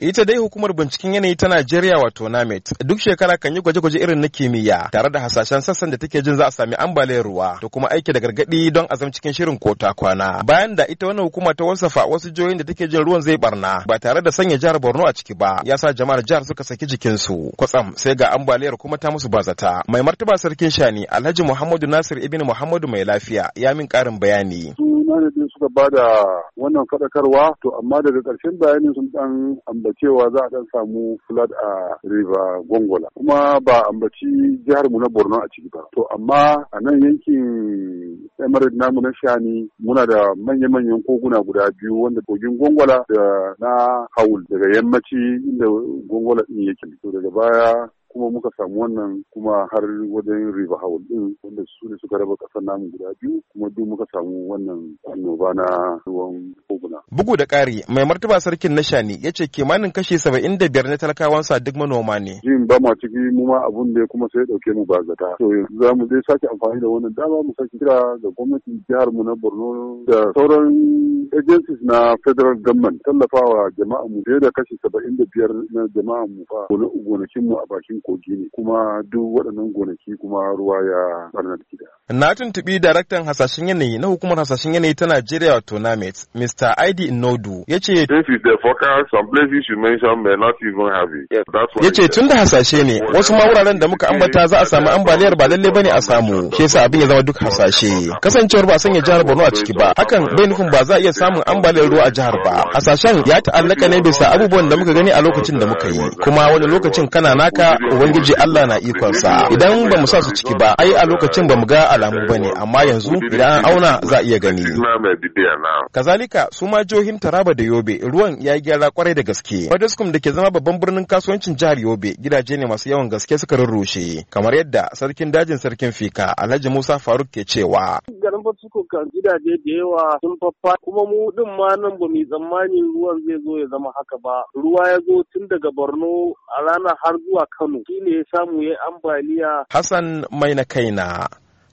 Ita dai hukumar binciken yanayi ta Najeriya wato NAMET duk shekara kan yi gwaje-gwaje irin na kimiyya tare da hasashen sassan da take jin za a sami ambaliyar ruwa da kuma aiki da gargadi don azam cikin shirin kota kwana. Bayan da ita wannan hukuma ta wasafa wasu jihohin da take jin ruwan zai barna ba tare da sanya jihar Borno a ciki ba ya sa jama'ar jihar suka saki jikinsu. Kwatsam sai ga ambaliyar kuma ta musu bazata. Mai martaba sarkin Shani Alhaji Muhammadu Nasir Ibn Muhammadu mai lafiya ya min karin bayani. United din suka ba da wannan faɗakarwa to amma daga ƙarshen bayanin sun ɗan ambacewa za a ɗan samu flood a river gongola kuma ba ambaci jihar mu na borno a ciki ba to amma a nan yankin emirate namu na shani muna da manya-manyan koguna guda biyu wanda kogin gongola da na haul daga yammaci inda gongola ɗin yake to daga baya kuma muka samu wannan kuma har wajen riba hawul din wanda su ne suka raba kasar namu guda biyu kuma duk muka samu wannan annoba na ruwan Bugu da ƙari, mai martaba sarkin na Shani ya ce kimanin kashi saba'in da biyar na talakawansa duk manoma ne. Jin ba ma ciki mu ma abun da kuma sai ɗauke mu ba zata. To yanzu za mu sake amfani da wannan dama mu sake kira ga gwamnatin jihar mu na Borno da sauran agencies na federal government tallafawa jama'a mu fiye da kashi saba'in da biyar na jama'a mu fa gonakin mu a bakin kogi ne kuma duk waɗannan gonaki kuma ruwa ya barnar gida. Na tuntuɓi daraktan hasashen yanayi na hukumar hasashen yanayi ta Najeriya wato NAMET, Mr. ID Nodu, ya ce, Ya ce tun da hasashe ne, wasu ma wuraren da muka ambata za a samu ambaliyar ba lalle bane a samu, shi yasa abin ya zama duk hasashe. Kasancewar ba sanya jihar Borno a ciki ba, hakan bai nufin ba za a iya samun ambaliyar ruwa a jihar ba. Hasashen ya ta'allaka ne bisa abubuwan da muka gani a lokacin da muka yi, kuma wani lokacin kana naka Ubangiji Allah na ikonsa. Idan ba mu sa su ciki ba, ai a lokacin ba mu ga alamu ba amma yanzu idan an auna za a iya gani. Kazalika su ma jihohin Taraba da Yobe ruwan ya gyara kwarai da gaske. Badiskum da ke zama babban birnin kasuwancin jihar Yobe gidaje ne masu yawan gaske suka rurrushe kamar yadda sarkin dajin sarkin fika Alhaji Musa Faruk ke cewa. Garin Badiskum kan gidaje da yawa sun faffa kuma mu din ma nan ba mu tsammani ruwan zai zo ya zama haka ba. Ruwa ya zo tun daga Borno a ranar har zuwa Kano. shine ya samu ya ambaliya. Hassan Mai na kaina